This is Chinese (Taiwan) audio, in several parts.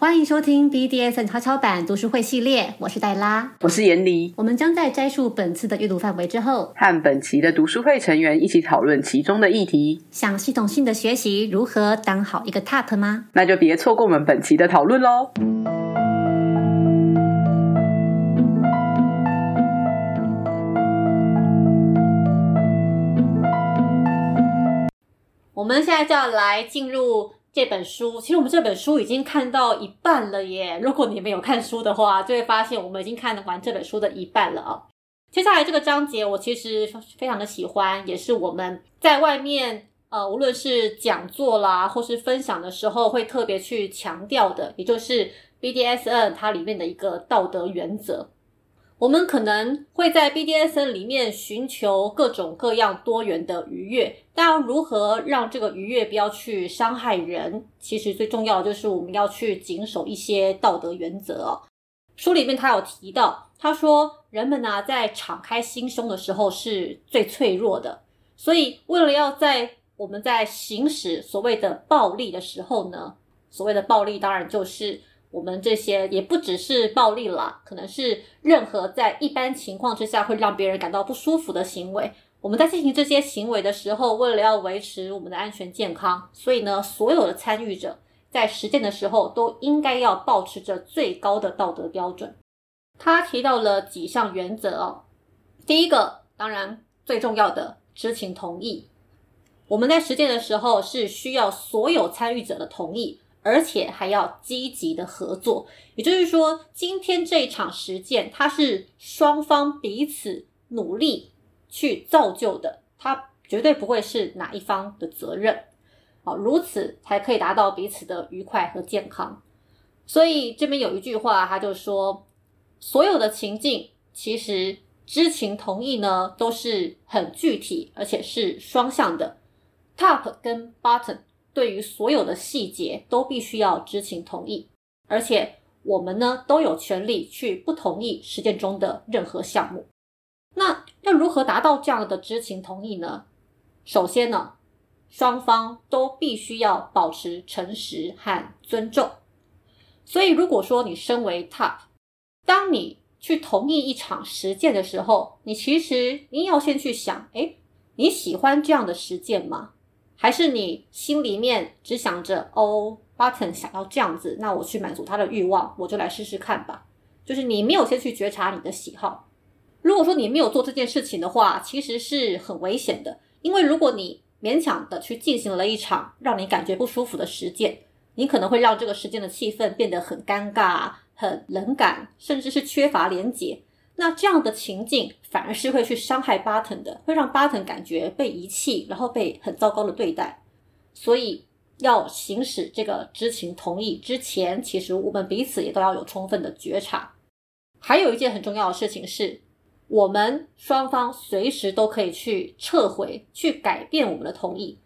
歡迎收聽 BDSM 超超版讀書會系列，我是黛拉，我是炎璃。我們將在摘述本次的閱讀範圍之後，和本期的讀書會成員一起討論其中的議題。想系統性的學習如何當好一個 TOP 嗎？那就別錯過我們本期的討論嘍。 我們現在就要來進入。這本書其實我們這本書已經看到一半了耶！如果你們有看書的話，就會發現我們已經看完這本書的一半了啊、哦。接下來這個章節我其實非常的喜歡，也是我們在外面呃，無論是講座啦或是分享的時候，會特別去強調的，也就是 BDSM 它裡面的一個道德原則。我們可能會在 B D S M 裡面尋求各種各樣多元的愉悅，但如何讓這個愉悅不要去傷害人，其實最重要的就是我們要去謹守一些道德原則、哦。書裡面他有提到，他說人們呢、啊、在敞開心胸的時候是最脆弱的，所以為了要在我們在行使所謂的暴力的時候呢，所謂的暴力當然就是。我們這些也不只是暴力了，可能是任何在一般情況之下會讓別人感到不舒服的行為。我們在進行這些行為的時候，為了要維持我們的安全健康，所以呢，所有的參與者在實踐的時候都應該要保持着最高的道德標準。他提到了幾項原則哦，第一個，當然最重要的知情同意，我們在實踐的時候是需要所有參與者的同意。而且還要積極的合作，也就是說，今天這一場實踐，它是雙方彼此努力去造就的，它絕對不會是哪一方的責任。好、哦，如此才可以達到彼此的愉快和健康。所以這邊有一句話，他就說，所有的情境其實知情同意呢都是很具體，而且是雙向的，top 跟 bottom。對於所有的細節都必須要知情同意，而且我們呢都有權利去不同意實踐中的任何項目。那要如何達到這樣的知情同意呢？首先呢，雙方都必須要保持誠實和尊重。所以如果說你身為 Top，當你去同意一場實踐的時候，你其實你要先去想，誒，你喜歡這樣的實踐嗎？還是你心裡面只想着哦、oh，Bottom 想要這樣子，那我去滿足他的慾望，我就來試試看吧。就是你沒有先去覺察你的喜好。如果說你沒有做這件事情的話，其實是很危險的，因為如果你勉強地去進行了一場讓你感覺不舒服的實踐，你可能會讓這個實踐的氣氛，變得很尷尬、很冷感，甚至是缺乏連結。那這樣的情境反而是會去傷害 bottom 的，會讓 bottom 感覺被遺棄，然後被很糟糕的對待。所以要行使這個知情同意之前，其實我們彼此也都要有充分的覺察。還有一件很重要的事情是，我們雙方隨時都可以去撤回、去改變我們的同意。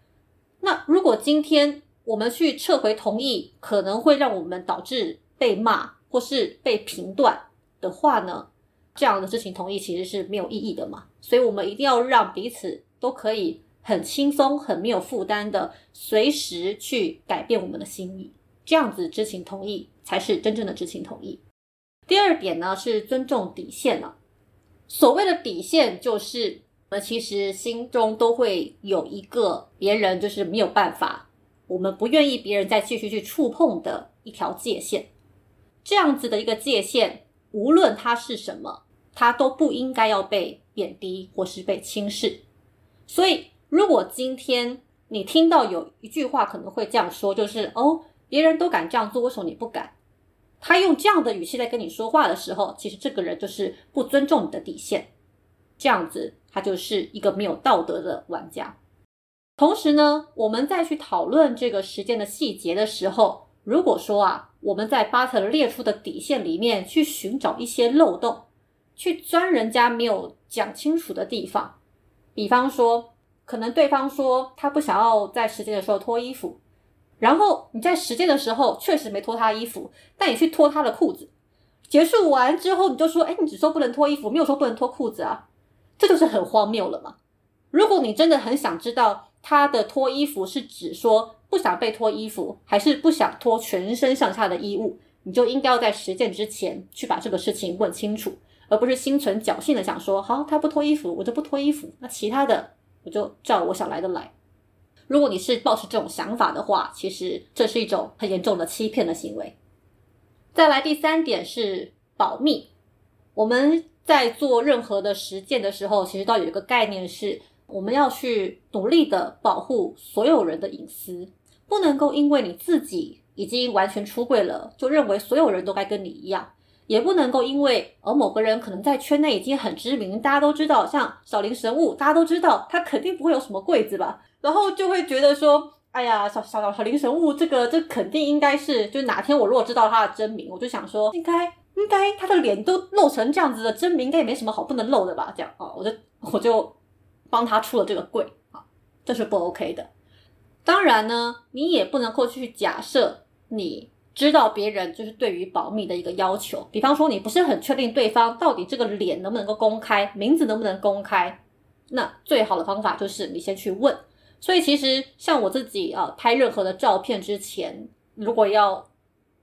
那如果今天我們去撤回同意，可能會讓我們導致被罵或是被評斷的話呢？這樣的知情同意其實是沒有意義的嘛，所以我們一定要讓彼此都可以很輕鬆、很沒有負擔的隨時去改變我們的心意，這樣子知情同意才是真正的知情同意。第二點呢，是尊重底線了、啊，所謂的底線就是，我們其實心中都會有一個別人就是沒有辦法，我們不願意別人再繼續去觸碰的一條界限，這樣子的一個界限。無論他是什麼，他都不應該要被貶低或是被輕視。所以，如果今天你聽到有一句話可能會這樣說，就是“哦，別人都敢這樣做，為什麼你不敢？”他用這樣的語氣來跟你說話的時候，其實這個人就是不尊重你的底線。這樣子，他就是一個沒有道德的玩家。同時呢，我們再去討論這個事件的細節的時候，如果說啊。我們在 Bottom 列出的底線裡面去尋找一些漏洞，去鑽人家沒有講清楚的地方。比方說，可能對方說他不想要在實踐的時候脫衣服，然後你在實踐的時候確實沒脫他衣服，但你去脫他的褲子。結束完之後，你就說：“哎，你只說不能脫衣服，沒有說不能脫褲子啊。”這就是很荒謬了嘛。如果你真的很想知道他的脫衣服是指說。不想被脫衣服，還是不想脫全身上下的衣物，你就應該要在實踐之前去把這個事情問清楚，而不是心存僥倖的想說，好，啊，他不脫衣服，我就不脫衣服，那其他的我就照我想來的來。如果你是抱持這種想法的話，其實這是一種很嚴重的欺騙的行為。再來第三點是保密，我們在做任何的實踐的時候，其實都有一個概念是，我們要去努力的保護所有人的隱私。不能夠因為你自己已經完全出櫃了，就認為所有人都該跟你一樣；也不能夠因為而某個人可能在圈內已經很知名，大家都知道，像小林繩霧，大家都知道，他肯定不會有什麼櫃子吧？然後就會覺得說，哎呀，小小小小林繩霧，這個這肯定應該是，就是哪天我如果知道他的真名，我就想說，應該應該他的臉都露成這樣子的真名，應該也沒什麼好不能露的吧？這樣啊，我就我就幫他出了這個櫃啊，這是不 OK 的。當然呢，你也不能夠去假設你知道別人就是對於保密的一個要求。比方說，你不是很確定對方到底這個臉能不能夠公開，名字能不能公開，那最好的方法就是你先去問。所以，其實像我自己啊，拍任何的照片之前，如果要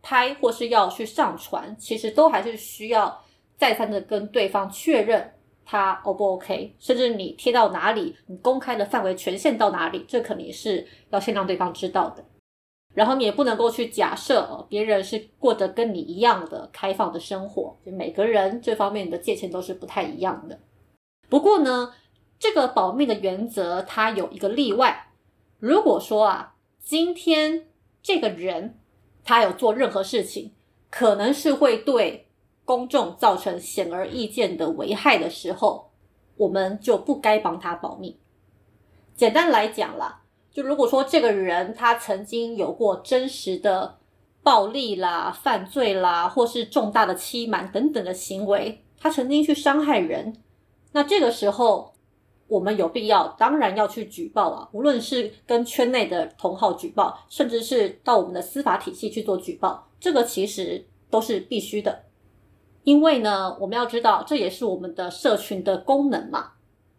拍或是要去上傳，其實都還是需要再三的跟對方確認。他 O、哦、不 OK？甚至你貼到哪裡，你公開的範圍權限到哪裡，這肯定是要先讓對方知道的。然後你也不能夠去假設哦，別人是過得跟你一樣的開放的生活。就每個人這方面的界限都是不太一樣的。不過呢，這個保密的原則它有一個例外。如果說啊，今天這個人他有做任何事情，可能是會對。公眾造成顯而易見的危害的時候，我們就不該幫他保密。簡單來講啦，就如果說這個人他曾經有過真實的暴力啦、犯罪啦，或是重大的欺瞞等等的行為，他曾經去傷害人，那這個時候我們有必要，當然要去舉報啊，無論是跟圈內的同好舉報，甚至是到我們的司法體系去做舉報，這個其實都是必須的。因為呢，我們要知道，這也是我們的社群的功能嘛。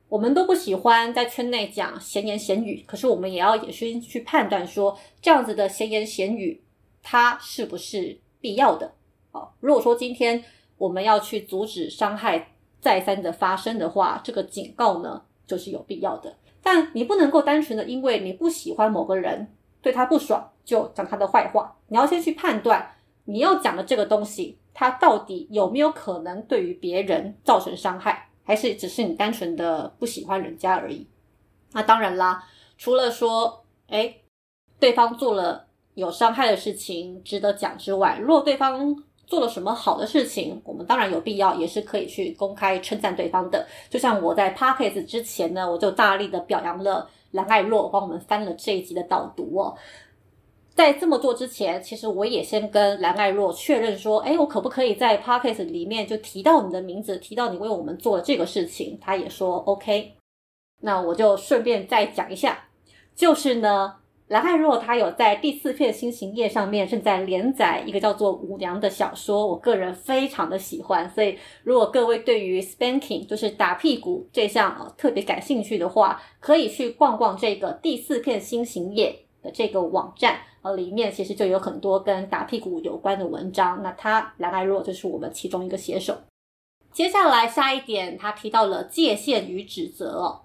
我們都不喜歡在圈內講閒言閒語，可是我們也要也先去判斷說，這樣子的閒言閒語，它是不是必要的？好、哦，如果說今天我們要去阻止傷害再三的發生的話，這個警告呢，就是有必要的。但你不能夠單純的因為你不喜歡某個人，對他不爽，就講他的壞話。你要先去判斷，你要講的這個東西。他到底有沒有可能對於別人造成傷害，還是只是你單純的不喜歡人家而已？那當然啦，除了說，誒，對方做了有傷害的事情值得講之外，如果對方做了什麼好的事情，我們當然有必要也是可以去公開稱讚對方的。就像我在 Podcast 之前呢，我就大力的表揚了藍艾若幫我們翻了這一集的導讀哦。在這麼做之前，其實我也先跟藍艾若確認說，哎，我可不可以在 podcast 裡面就提到你的名字，提到你為我們做這個事情？他也說 OK，那我就順便再講一下，就是呢，藍艾若他有在第四片新型頁上面正在連載一個叫做《五娘》的小說，我個人非常的喜歡，所以如果各位對於 spanking 就是打屁股這項特別感興趣的話，可以去逛逛這個第四片新型頁的這個網站。呃，裡面其實就有很多跟打屁股有關的文章。那他藍艾若就是我們其中一個寫手。接下來下一點，他提到了界限與指責。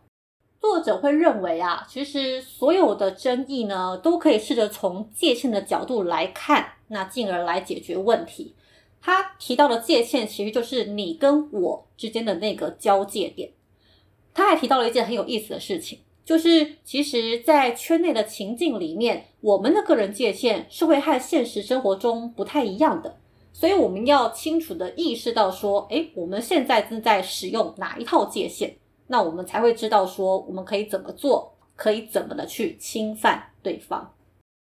作者會認為啊，其實所有的爭議呢，都可以試着從界限的角度來看，那進而來解決問題。他提到的界限其實就是你跟我之間的那個交界點。他還提到了一件很有意思的事情。就是，其實，在圈內的情境裡面，我們的個人界限是會和現實生活中不太一樣的，所以我們要清楚地意識到說，誒，我們現在正在使用哪一套界限，那我們才會知道說，我們可以怎麼做，可以怎麼的去侵犯對方。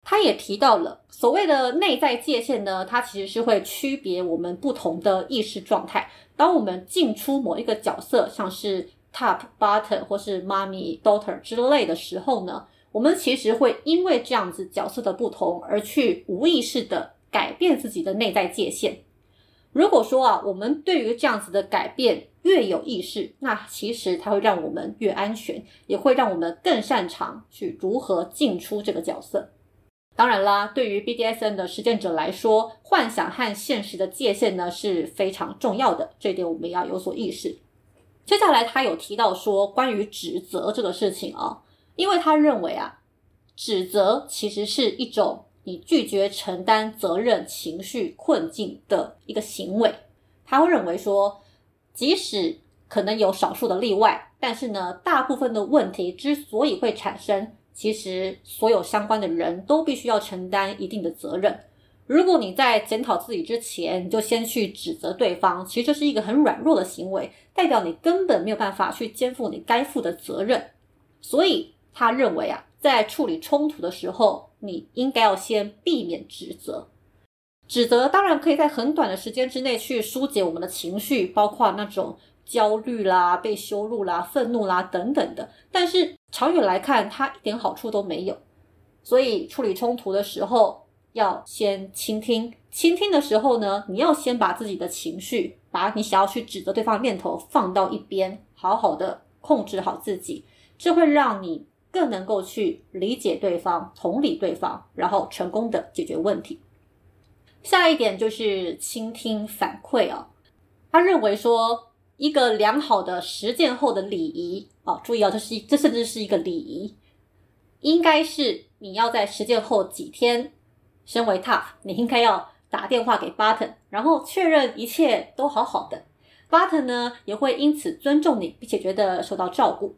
他也提到了，所謂的內在界限呢，它其實是會區別我們不同的意識狀態。當我們進出某一個角色，像是…… Top, bottom, 或是媽咪、daughter 之類的時候呢，我們其實會因為這樣子角色的不同而去無意識地改變自己的內在界限。如果說啊，我們對於這樣子的改變越有意識，那其實它會讓我們越安全，也會讓我們更擅長去如何進出這個角色。當然啦，對於 BDSM 的實踐者來說，幻想和現實的界限呢是非常重要的，這一點我們要有所意識。接下來，他有提到說關於指責這個事情啊、哦，因為他認為啊，指責其實是一種你拒絕承擔責任情緒困境的一個行為。他會認為說，即使可能有少數的例外，但是呢，大部分的問題之所以會產生，其實所有相關的人都必須要承擔一定的責任。如果你在檢討自己之前，你就先去指責對方，其實這是一個很軟弱的行為，代表你根本沒有辦法去肩負你該負的責任。所以他認為啊，在處理衝突的時候，你應該要先避免指責。指責當然可以在很短的時間之內去疏解我們的情緒，包括那種焦慮啦、被羞辱啦、憤怒啦等等的，但是長遠來看，它一點好處都沒有。所以處理衝突的時候，要先傾聽，傾聽的時候呢，你要先把自己的情緒，把你想要去指責對方的念頭放到一邊，好好的控制好自己，這會讓你更能夠去理解對方、同理對方，然後成功的解決問題。下一點就是傾聽反饋哦，他認為說，一個良好的實踐後的禮儀啊、哦，注意哦、啊，這是這甚至是一個禮儀，應該是你要在實踐後幾天。身為 Top，你應該要打電話給 bottom，然後確認一切都好好的。Bottom 呢也會因此尊重你，並且覺得受到照顧。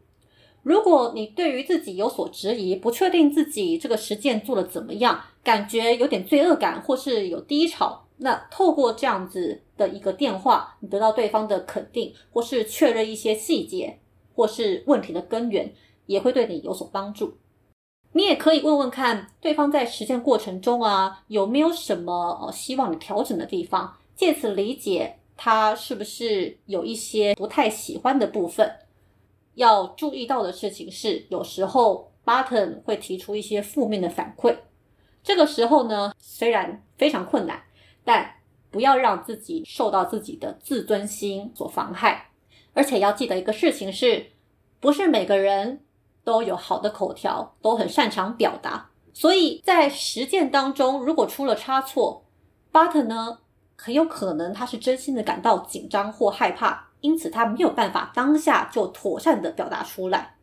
如果你對於自己有所質疑，不確定自己這個實踐做得怎麼樣，感覺有點罪惡感或是有低潮，那透過這樣子的一個電話，你得到對方的肯定，或是確認一些細節，或是問題的根源，也會對你有所幫助。你也可以問問看對方在實踐過程中啊，有沒有什麼呃，希望你調整的地方，借此理解他是不是有一些不太喜歡的部分。要注意到的事情是，有時候 bottom 會提出一些負面的反饋，這個時候呢，雖然非常困難，但不要讓自己受到自己的自尊心所妨害，而且要記得一個事情是，不是每個人。都有好的口條，都很擅長表達，所以在實踐當中，如果出了差錯，bottom 呢，很有可能他是真心的感到緊張或害怕，因此他沒有辦法當下就妥善的表達出來，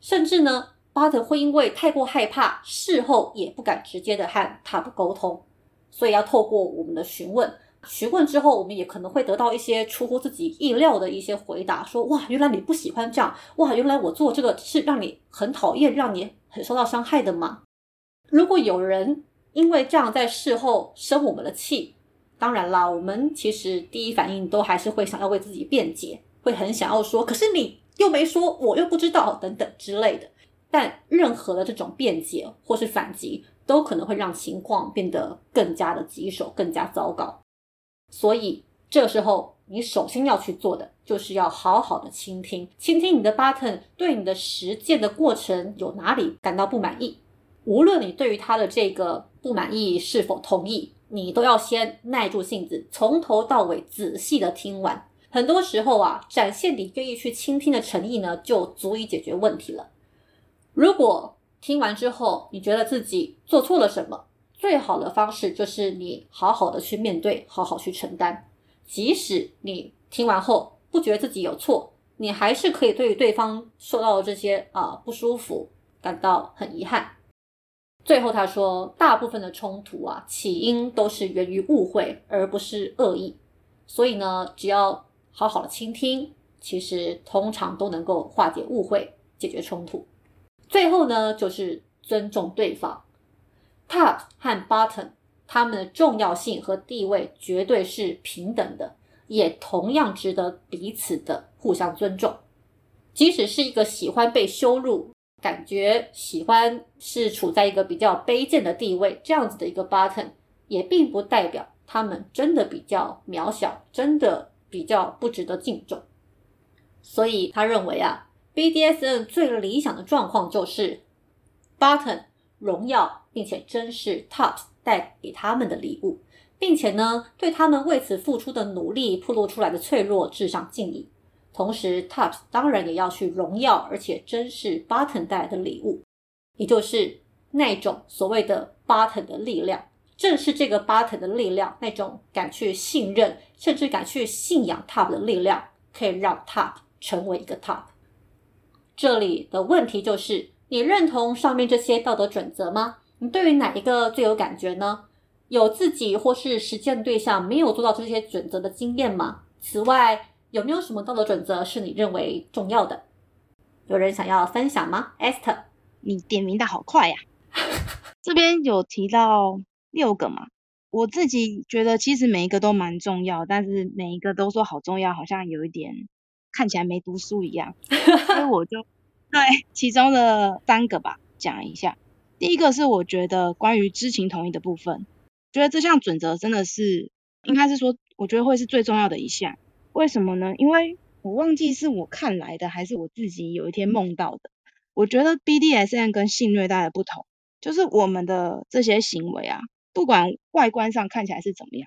甚至呢，bottom 會因為太過害怕，事後也不敢直接的和 top 溝通，所以要透過我們的詢問。詢問之後，我們也可能會得到一些出乎自己意料的一些回答，說哇，原來你不喜歡這樣，哇，原來我做這個是讓你很討厭，讓你很受到傷害的嗎？如果有人因為這樣在事後生我們的氣，當然啦，我們其實第一反應都還是會想要為自己辯解，會很想要說，可是你又沒說，我又不知道等等之類的。但任何的這種辯解或是反擊，都可能會讓情況變得更加的棘手，更加糟糕。所以，這時候你首先要去做的，就是要好好的傾聽，傾聽你的 bottom 對你的實踐的過程有哪裡感到不滿意。無論你對於他的這個不滿意是否同意，你都要先耐住性子，從頭到尾仔細的聽完。很多時候啊，展現你願意去傾聽的誠意呢，就足以解決問題了。如果聽完之後，你覺得自己做錯了什麼，最好的方式就是你好好的去面對，好好去承擔。即使你聽完後不覺得自己有錯，你還是可以對於對方受到的這些啊、呃、不舒服感到很遺憾。最後他說，大部分的衝突啊，起因都是源於誤會，而不是惡意。所以呢，只要好好的傾聽，其實通常都能夠化解誤會，解決衝突。最後呢，就是尊重對方。Top 和 bottom，它們的重要性和地位絕對是平等的，也同樣值得彼此的互相尊重。即使是一個喜歡被羞辱、感覺喜歡是處在一個比較卑賤的地位這樣子的一個 bottom，也並不代表他們真的比較渺小，真的比較不值得敬重。所以他認為啊，BDSM 最理想的狀況就是 bottom 榮耀。並且珍視 top 帶給他們的禮物，並且呢，對他們為此付出的努力、暴露出來的脆弱致上敬意。同時，top 當然也要去榮耀，而且珍視 bottom 帶來的禮物，也就是那種所謂的 bottom 的力量。正是這個 bottom 的力量，那種敢去信任，甚至敢去信仰 top 的力量，可以讓 top 成為一個 top。這裡的問題就是，你認同上面這些道德準則嗎？你對於哪一個最有感覺呢？有自己或是實踐對象沒有做到這些準則的經驗嗎？此外，有沒有什麼道德準則是你認為重要的？有人想要分享嗎？Esther，你點名的好快呀！這邊有提到六個嘛？我自己覺得其實每一個都蠻重要，但是每一個都說好重要，好像有一點看起來沒讀書一樣。所以我就對其中的三個吧講一下。第一個是我覺得關於知情同意的部分，覺得這項準則真的是應該是說，我覺得會是最重要的一項。為什麼呢？因為我忘記是我看來的，還是我自己有一天夢到的。我覺得 BDSM 跟性虐待的不同，就是我們的這些行為啊，不管外觀上看起來是怎麼樣，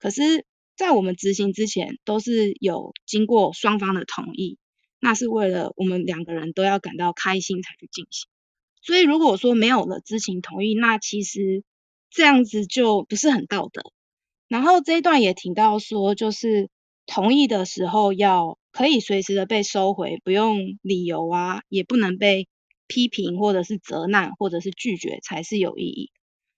可是，在我們執行之前，都是有經過雙方的同意，那是為了我們兩個人都要感到開心才去進行。所以如果說沒有了知情同意，那其實這樣子就不是很道德。然後這一段也提到說，就是同意的時候要可以隨時的被收回，不用理由啊，也不能被批評或者是責難或者是拒絕才是有意義。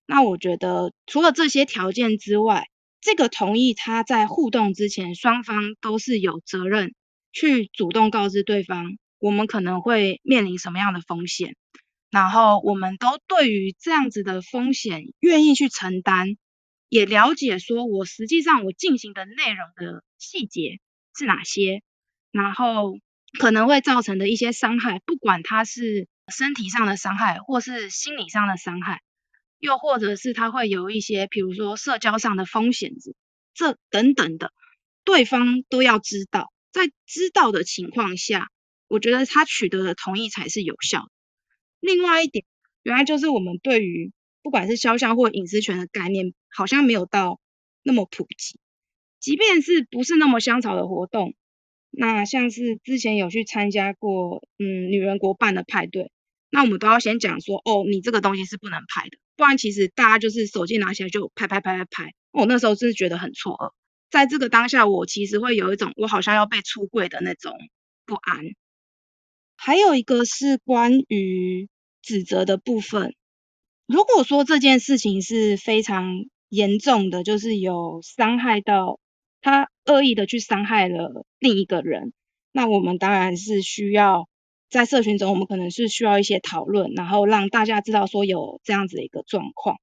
那我覺得除了這些條件之外，這個同意他在互動之前，雙方都是有責任去主動告知對方，我們可能會面臨什麼樣的風險。然後我們都對於這樣子的風險願意去承擔，也了解說我實際上我進行的內容的細節是哪些，然後可能會造成的一些傷害，不管他是身體上的傷害或是心理上的傷害，又或者是他會有一些，比如說社交上的風險，這等等的，對方都要知道，在知道的情況下，我覺得他取得的同意才是有效的。另外一點，原來就是我們對於不管是肖像或隱私權的概念，好像沒有到那麼普及。即便是不是那麼香草的活動，那像是之前有去參加過，嗯，女人國辦的派對，那我們都要先講說，哦，你這個東西是不能拍的，不然其實大家就是手機拿起來就拍拍拍拍拍。我那時候真是覺得很錯愕，在這個當下，我其實會有一種我好像要被出櫃的那種不安。還有一個是關於指責的部分。如果說這件事情是非常嚴重的，就是有傷害到他惡意的去傷害了另一個人，那我們當然是需要在社群中，我們可能是需要一些討論，然後讓大家知道說有這樣子的一個狀況。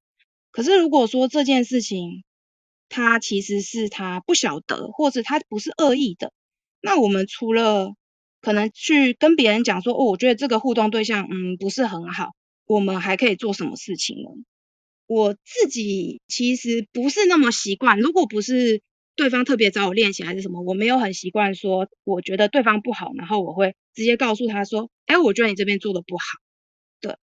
可是如果說這件事情，他其實是他不曉得，或者他不是惡意的，那我們除了可能去跟別人講說，哦，我覺得這個互動對象，嗯，不是很好，我們還可以做什麼事情呢？我自己其實不是那麼習慣，如果不是對方特別找我練習還是什麼，我沒有很習慣說，我覺得對方不好，然後我會直接告訴他說，哎，我覺得你這邊做的不好，對，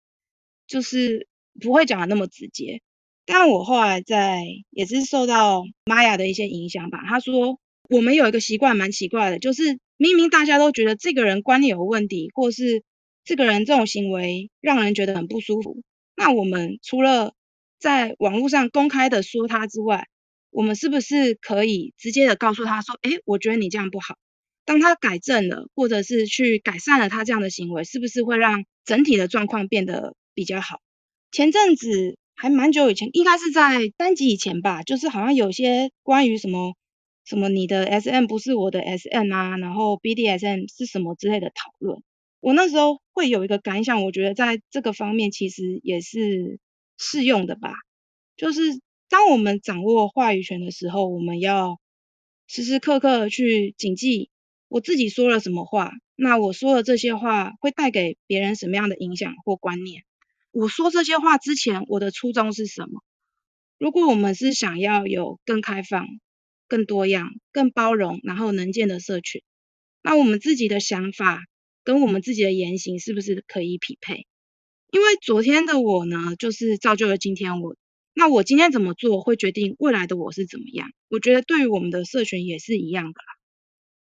就是不會講的那麼直接。但我後來在也是受到瑪雅的一些影響吧，他說我們有一個習慣蠻奇怪的，就是。明明大家都覺得這個人觀念有問題，或是這個人這種行為讓人覺得很不舒服，那我們除了在網絡上公開的說他之外，我們是不是可以直接的告訴他說：哎，我覺得你這樣不好。當他改正了，或者是去改善了他這樣的行為，是不是會讓整體的狀況變得比較好？前陣子還蠻久以前，應該是在單集以前吧，就是好像有些關於什麼。什麼你的 SM 不是我的 SM 啊，然後 BDSM 是什麼之類的討論，我那時候會有一個感想，我覺得在這個方面其實也是適用的吧。就是當我們掌握話語權的時候，我們要時時刻刻去謹記我自己說了什麼話，那我說的這些話會帶給別人什麼樣的影響或觀念？我說這些話之前，我的初衷是什麼？如果我們是想要有更開放。更多樣、更包容，然後能見的社群，那我們自己的想法跟我們自己的言行是不是可以匹配？因為昨天的我呢，就是造就了今天我。那我今天怎麼做，會決定未來的我是怎麼樣？我覺得對於我們的社群也是一樣的啦。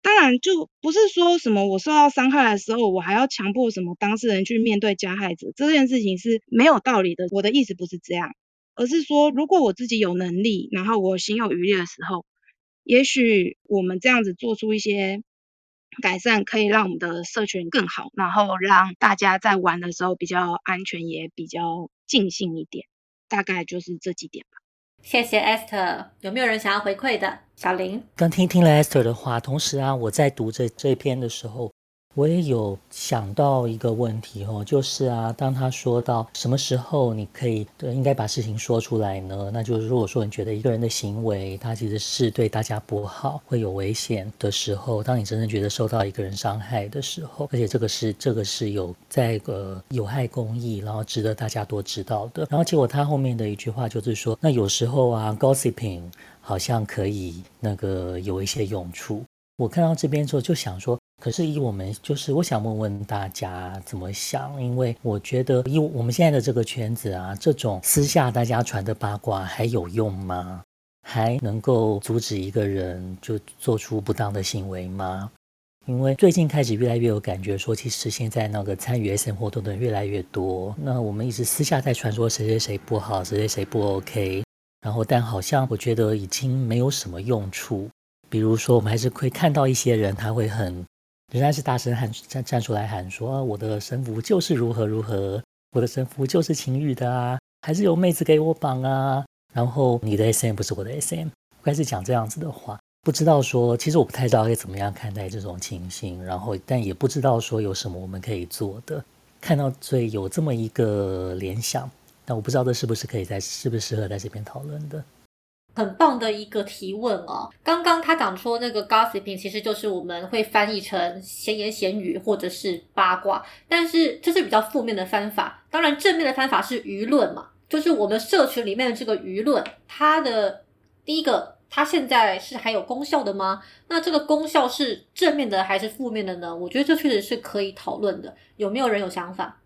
當然，就不是說什麼我受到傷害的時候，我還要強迫什麼當事人去面對加害者，這件事情是沒有道理的。我的意思不是這樣，而是說，如果我自己有能力，然後我心有餘力的時候。也許我們這樣子做出一些改善，可以讓我們的社群更好，然後讓大家在玩的時候比較安全，也比較盡興一點。大概就是這幾點吧。謝謝 Esther，有沒有人想要回饋的？小林，剛聽聽了 Esther 的話，同時啊，我在讀這這篇的時候。我也有想到一個問題哦，就是啊，當他說到什麼時候你可以對應該把事情說出來呢？那就是如果說你覺得一個人的行為他其實是對大家不好，會有危險的時候，當你真正覺得受到一個人傷害的時候，而且這個是這個是有在個、呃、有害公益，然後值得大家多知道的。然後結果他後面的一句話就是說，那有時候啊，gossiping 好像可以那個有一些用處。我看到這邊之後就想說。可是以我們就是，我想問問大家怎麼想？因為我覺得以我們現在的這個圈子啊，這種私下大家傳的八卦還有用嗎？還能夠阻止一個人就做出不當的行為嗎？因為最近開始越來越有感覺，說其實現在那個參與 SM 活動的人越來越多。那我們一直私下在傳說誰誰誰不好，誰誰誰不 OK。然後但好像我覺得已經沒有什麼用處。比如說我們還是會看到一些人，他會很。仍然是大聲喊站站出來喊說，啊，我的繩縛就是如何如何，我的繩縛就是情欲的啊，還是有妹子給我綁啊。然後你的 SM 不是我的 SM，開始講這樣子的話，不知道說，其實我不太知道該怎麼樣看待這種情形。然後，但也不知道說有什麼我們可以做的。看到最有這麼一個聯想，但我不知道這是不是可以在是不是適合在這邊討論的。很棒的一個提問哦。剛剛他講說那個 gossiping，其實就是我們會翻譯成閒言閒語或者是八卦，但是這是比較負面的翻法。當然，正面的翻法是輿論嘛，就是我們社群裡面的這個輿論。它的第一個，它現在是還有功效的嗎？那這個功效是正面的還是負面的呢？我覺得這確實是可以討論的。有沒有人有想法？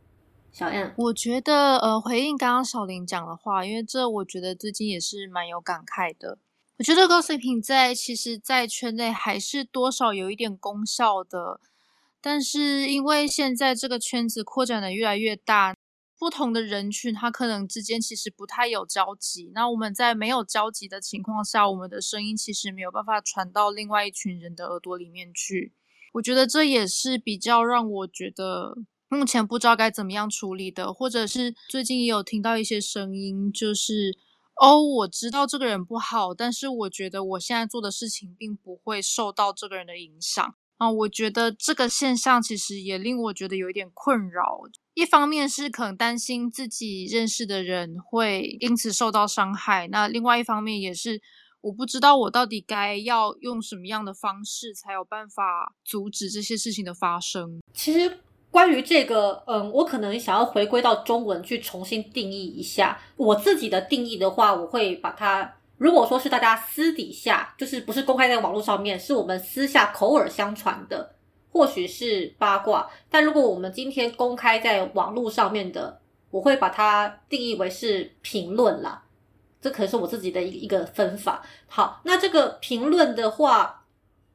小 M，我覺得呃，回應剛剛小林講的話，因為這我覺得最近也是蠻有感慨的。我覺得高水平在其實，在圈內還是多少有一點功效的，但是因為現在這個圈子擴展得越來越大，不同的人群他可能之間其實不太有交集。那我們在沒有交集的情況下，我們的聲音其實沒有辦法傳到另外一群人的耳朵裡面去。我覺得這也是比較讓我覺得。目前不知道該怎麼樣處理的，或者是最近也有聽到一些聲音，就是哦，我知道這個人不好，但是我覺得我現在做的事情並不會受到這個人的影響啊。我覺得這個現象其實也令我覺得有一點困擾。一方面是可能擔心自己認識的人會因此受到傷害，那另外一方面也是我不知道我到底該要用什麼樣的方式才有辦法阻止這些事情的發生。其實。關於這個，嗯，我可能想要回歸到中文去重新定義一下我自己的定義的話，我會把它，如果說是大家私底下，就是不是公開在網絡上面，是我們私下口耳相傳的，或許是八卦，但如果我們今天公開在網絡上面的，我會把它定義為是評論啦。這可能是我自己的一一個分法。好，那這個評論的話。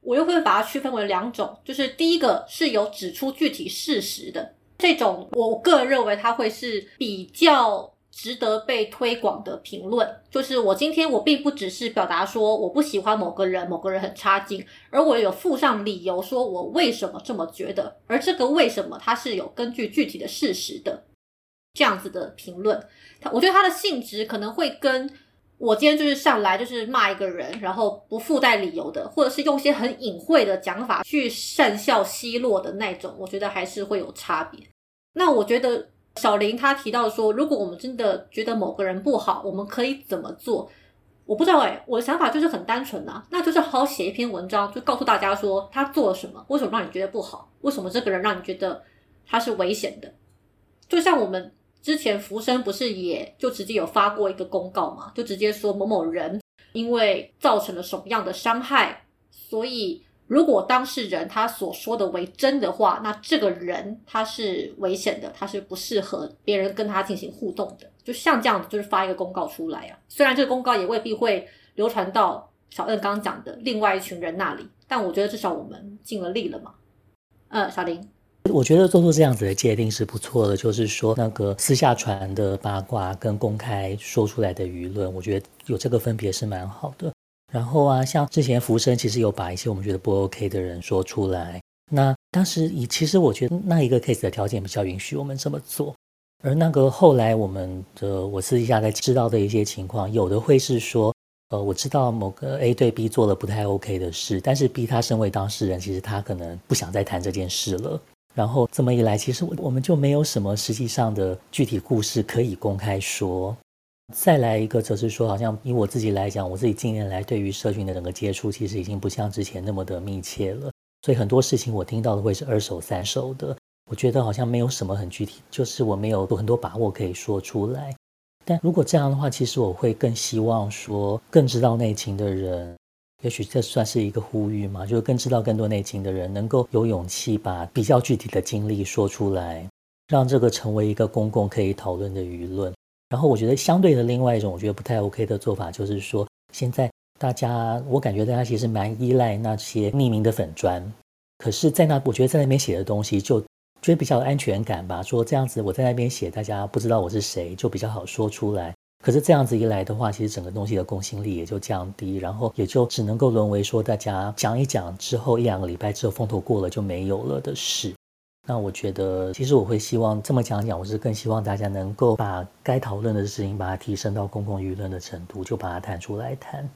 我又會把它區分為兩種，就是第一個是有指出具體事實的這種，我個人認為它會是比較值得被推廣的評論。就是我今天我並不只是表達說我不喜歡某個人，某個人很差勁，而我有附上理由，說我為什麼這麼覺得，而這個為什麼它是有根據具體的事實的，這樣子的評論，它我覺得它的性質可能會跟我今天就是上來就是罵一個人，然後不附帶理由的，或者是用一些很隱晦的講法去訕笑奚落的那種，我覺得還是會有差別。那我覺得小林他提到說，如果我們真的覺得某個人不好，我們可以怎麼做？我不知道哎，我的想法就是很單純吶、啊，那就是好好寫一篇文章，就告訴大家說他做了什麼，為什麼讓你覺得不好，為什麼這個人讓你覺得他是危險的，就像我們。之前福生不是也就直接有發過一個公告嘛？就直接說某某人因為造成了什麼樣的傷害，所以如果當事人他所說的為真的話，那這個人他是危險的，他是不適合別人跟他進行互動的。就像這樣子，就是發一個公告出來呀、啊。雖然這個公告也未必會流傳到小恩剛剛講的另外一群人那裡，但我覺得至少我們盡了力了嘛。嗯，小林。我覺得做出這樣子的界定是不錯的，就是說那個私下傳的八卦跟公開說出來的輿論，我覺得有這個分別是蠻好的。然後啊，像之前浮生其實有把一些我們覺得不 OK 的人說出來，那當時以其實我覺得那一個 case 的條件比較允許我們這麼做。而那個後來我們的我私底下在知道的一些情況，有的會是說，呃，我知道某個 A 對 B 做了不太 OK 的事，但是 B 他身為當事人，其實他可能不想再談這件事了。然後這麼一來，其實我我們就沒有什麼實際上的具體故事可以公開說。再來一個，則是說，好像以我自己來講，我自己近年來對於社群的整個接觸，其實已經不像之前那麼的密切了。所以很多事情我聽到的會是二手、三手的。我覺得好像沒有什麼很具體，就是我沒有有很多把握可以說出來。但如果這樣的話，其實我會更希望說，更知道內情的人。也許這算是一個呼籲嘛，就是更知道更多內情的人能夠有勇氣把比較具體的經歷說出來，讓這個成為一個公共可以討論的輿論。然後我覺得相對的另外一種我覺得不太 OK 的做法，就是說現在大家，我感覺大家其實蠻依賴那些匿名的粉專，可是在那我覺得在那邊寫的東西就覺得比較有安全感吧，說這樣子我在那邊寫，大家不知道我是誰，就比較好說出來。可是這樣子一來的話，其實整個東西的公信力也就降低，然後也就只能夠淪為說大家講一講之後一兩個禮拜之後風頭過了就沒有了的事。那我覺得，其實我會希望這麼講講，我是更希望大家能夠把該討論的事情，把它提升到公共輿論的程度，就把它談出來談。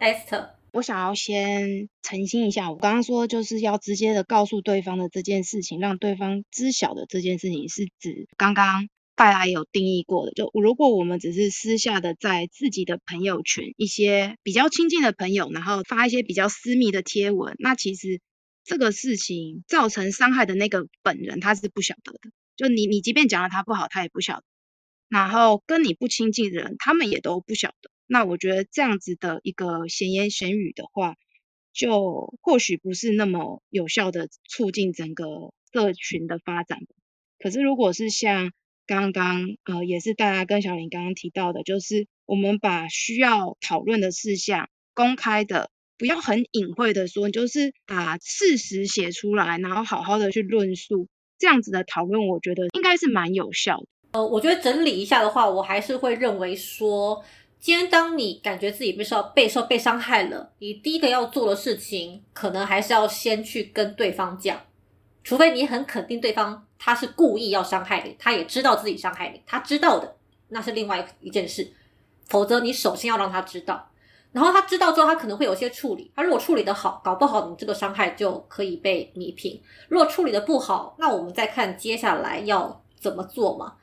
Esther，我想要先澄清一下，我剛剛說就是要直接的告訴對方的這件事情，讓對方知曉的這件事情，是指剛剛。大家有定義過的，就如果我們只是私下的在自己的朋友圈，一些比較親近的朋友，然後發一些比較私密的貼文，那其實這個事情造成傷害的那個本人他是不曉得的，就你你即便講了他不好，他也不曉得。然後跟你不親近的人，他們也都不曉得。那我覺得這樣子的一個閒言閒語的話，就或許不是那麼有效地促進整個社群的發展。可是如果是像剛剛呃，也是大家跟小林剛剛提到的，就是我們把需要討論的事項公開的，不要很隱晦的說，就是把事實寫出來，然後好好的去論述，這樣子的討論，我覺得應該是蠻有效的。呃，我覺得整理一下的話，我還是會認為說，今天當你感覺自己被受被受被傷害了，你第一個要做的事情，可能還是要先去跟對方講。除非你很肯定對方他是故意要傷害你，他也知道自己傷害你，他知道的，那是另外一件事，否則你首先要讓他知道，然後他知道之後，他可能會有些處理。他如果處理的好，搞不好你這個傷害就可以被彌平；如果處理的不好，那我們再看接下來要怎麼做嘛。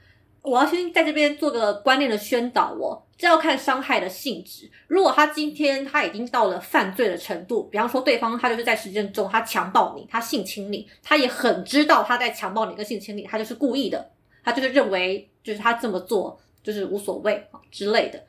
我要先在這邊做個觀念的宣導哦，這要看傷害的性質。如果他今天他已經到了犯罪的程度，比方說對方他就是在實踐中他強暴你，他性侵你，他也很知道他在強暴你跟性侵你，他就是故意的，他就是認為就是他這麼做就是無所謂啊之類的。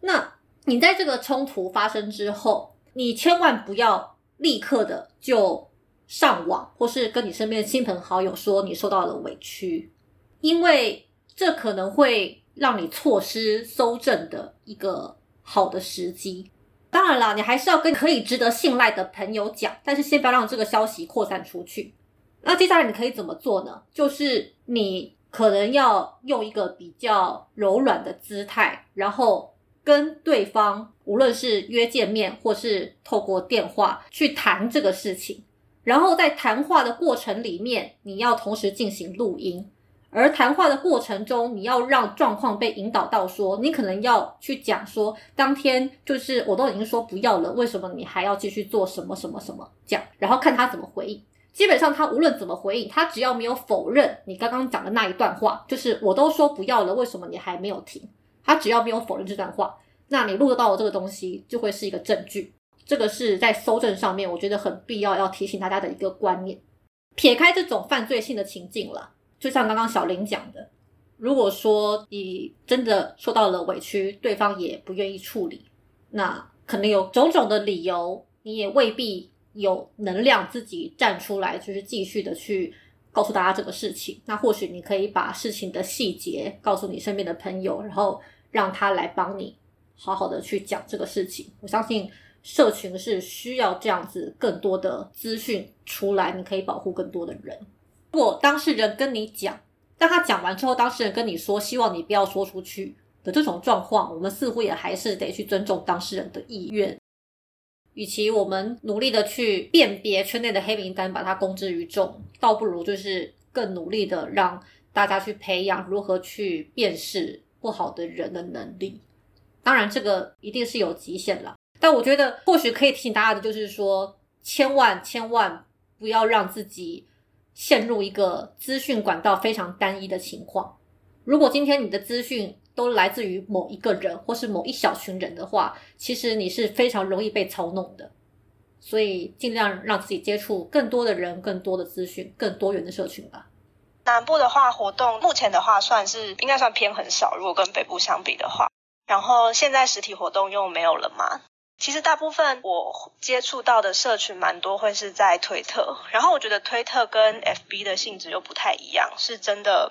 那你在這個衝突發生之後，你千萬不要立刻的就上網或是跟你身邊的親朋好友說你受到了委屈，因為……這可能會讓你錯失搜證的一個好的時機。當然啦，你還是要跟可以值得信賴的朋友講，但是先不要讓這個消息擴散出去。那接下來你可以怎麼做呢？就是你可能要用一個比較柔軟的姿態，然後跟對方，無論是約見面或是透過電話去談這個事情，然後在談話的過程裡面，你要同時進行錄音。而談話的過程中，你要讓狀況被引導到說，你可能要去講說，當天就是我都已經說不要了，為什麼你還要繼續做什麼什麼什麼講？然後看他怎麼回應。基本上他無論怎麼回應，他只要沒有否認你剛剛講的那一段話，就是我都說不要了，為什麼你還沒有停？他只要沒有否認這段話，那你錄得到的這個東西就會是一個證據。這個是在搜證上面，我覺得很必要要提醒大家的一個觀念。撇開這種犯罪性的情境了。就像剛剛小林講的，如果說你真的受到了委屈，對方也不願意處理，那可能有種種的理由，你也未必有能量自己站出來，就是繼續的去告訴大家這個事情。那或許你可以把事情的細節告訴你身邊的朋友，然後讓他來幫你好好的去講這個事情。我相信社群是需要這樣子更多的資訊出來，你可以保護更多的人。如果當事人跟你講，當他講完之後，當事人跟你說希望你不要說出去的這種狀況，我們似乎也還是得去尊重當事人的意願。與其我們努力的去辨別圈內的黑名單，把它公之於眾，倒不如就是更努力的讓大家去培養如何去辨識不好的人的能力。當然，這個一定是有極限啦。但我覺得，或許可以提醒大家的就是說，千萬千萬不要讓自己。陷入一個資訊管道非常單一的情況。如果今天你的資訊都來自於某一個人或是某一小群人的話，其實你是非常容易被操弄的。所以盡量讓自己接觸更多的人、更多的資訊、更多元的社群吧。南部的話，活動目前的話算是應該算偏很少，如果跟北部相比的話。然後現在實體活動又沒有了嘛？其實大部分我接觸到的社群蠻多，會是在推特，然後我覺得推特跟 FB 的性質又不太一樣，是真的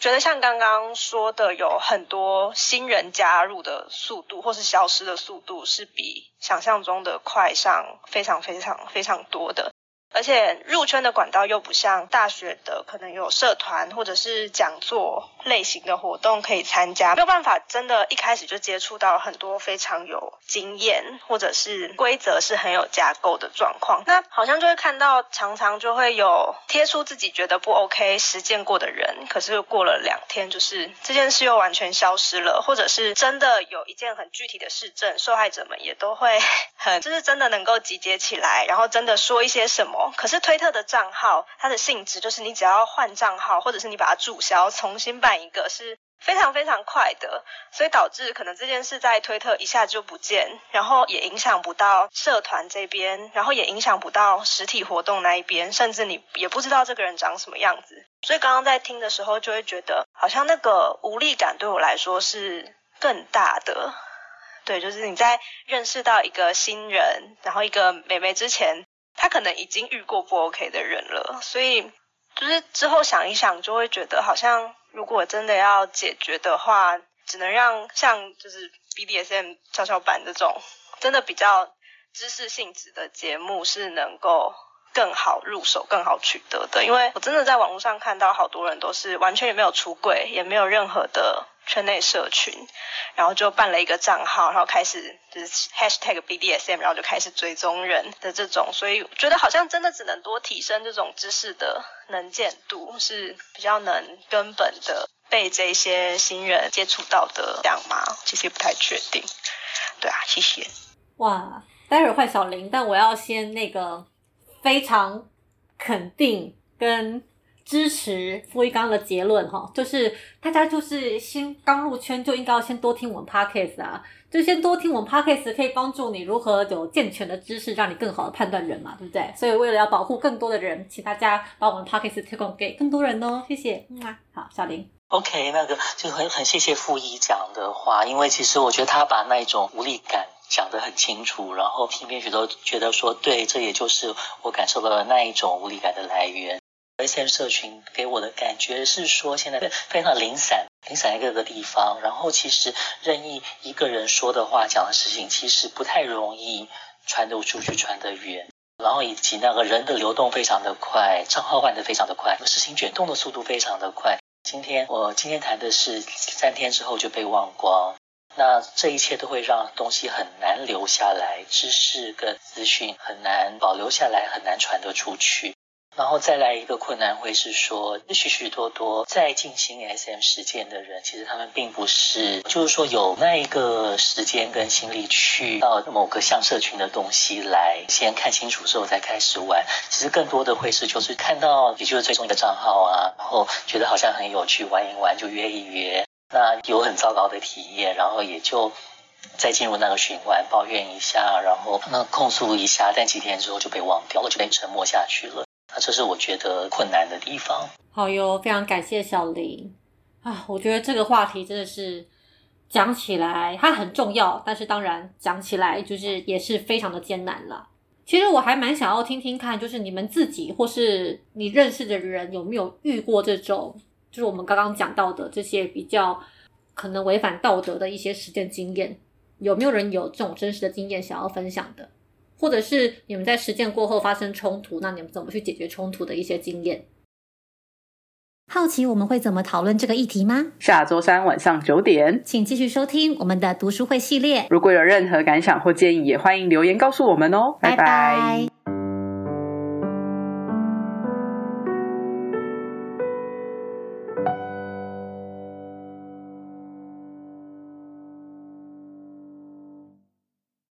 覺得像剛剛說的，有很多新人加入的速度，或是消失的速度，是比想象中的快上非常非常非常多的。而且入圈的管道，又不像大學的，可能有社團或者是講座類型的活動可以參加，沒有辦法真的一開始就接觸到很多非常有經驗或者是規則是很有架構的狀況。那好像就會看到常常就會有貼出自己覺得不 OK 實踐過的人，可是又過了兩天就是這件事又完全消失了，或者是真的有一件很具體的事證，受害者們也都會很就是真的能夠集結起來，然後真的說一些什麼。可是推特的賬號，它的性質就是你只要換賬號，或者是你把它註銷，重新辦一個，是非常非常快的，所以導致可能這件事在推特一下子就不見，然後也影響不到社團這邊，然後也影響不到實體活動那一邊，甚至你也不知道這個人長什麼樣子。所以剛剛在聽的時候，就會覺得好像那個無力感對我來說是更大的。對，就是你在認識到一個新人，然後一個妹妹之前。他可能已經遇過不 OK 的人了，所以就是之後想一想，就會覺得好像如果真的要解決的話，只能讓像就是 BDSM 翹翹板這種真的比較知識性質的節目是能夠更好入手、更好取得的。因為我真的在網絡上看到好多人都是完全也沒有出櫃，也沒有任何的。圈內社群，然後就辦了一個賬號，然後開始就是 Hashtag BDSM，然後就開始追蹤人的這種，所以覺得好像真的只能多提升這種知識的能見度，是比較能根本的被這些新人接觸到的，這樣嗎？其實也不太確定。對啊，謝謝。哇，待會換小林，但我要先那個非常肯定跟。支持傅一剛，剛的結論哈，就是大家就是先剛入圈就應該要先多聽我們 podcast 啊，就先多聽我們 podcast 可以幫助你如何有健全的知識，讓你更好的判斷人嘛，對不對？所以為了要保護更多的人，請大家把我們 podcast 推廣給更多人哦，謝謝。嗯啊，好，小林。OK，那個就很很謝謝傅一講的話，因為其實我覺得他把那一種無力感講得很清楚，然後偏偏許多覺得說，對，這也就是我感受到的那一種無力感的來源。微信社群給我的感覺是說，現在非常零散，零散在各個地方。然後其實任意一個人說的話，講的事情，其實不太容易傳得出去，傳得遠。然後以及那個人的流動非常的快，賬號換得非常的快，事情卷動的速度非常的快。今天我今天談的是三天之後就被忘光。那這一切都會讓東西很難留下來，知識跟資訊很難保留下來，很難傳得出去。然後再來一個困難會是說，許許多多在進行 SM 實踐的人，其實他們並不是，就是說有那一個時間跟心力去到某個像社群的東西來，先看清楚之後再開始玩。其實更多的會是，就是看到，也就是最終一個賬號啊，然後覺得好像很有趣，玩一玩就約一約。那有很糟糕的體驗，然後也就再進入那個循環，抱怨一下，然後那控訴一下，但幾天之後就被忘掉了，就被沉默下去了。這是我覺得困難的地方。好喲，非常感謝小林。啊，我覺得這個話題真的是講起來它很重要，但是當然講起來就是也是非常的艱難了。其實我還蠻想要聽聽看，就是你們自己或是你認識的人有沒有遇過這種，就是我們剛剛講到的這些比較可能違反道德的一些實踐經驗，有沒有人有這種真實的經驗想要分享的？或者是你們在實踐過後發生衝突，那你們怎麼去解決衝突的一些經驗？好奇我們會怎麼討論這個議題嗎？下周三晚上九點，請繼續收聽我們的讀書會系列。如果有任何感想或建議，也歡迎留言告訴我們哦。拜拜。拜拜。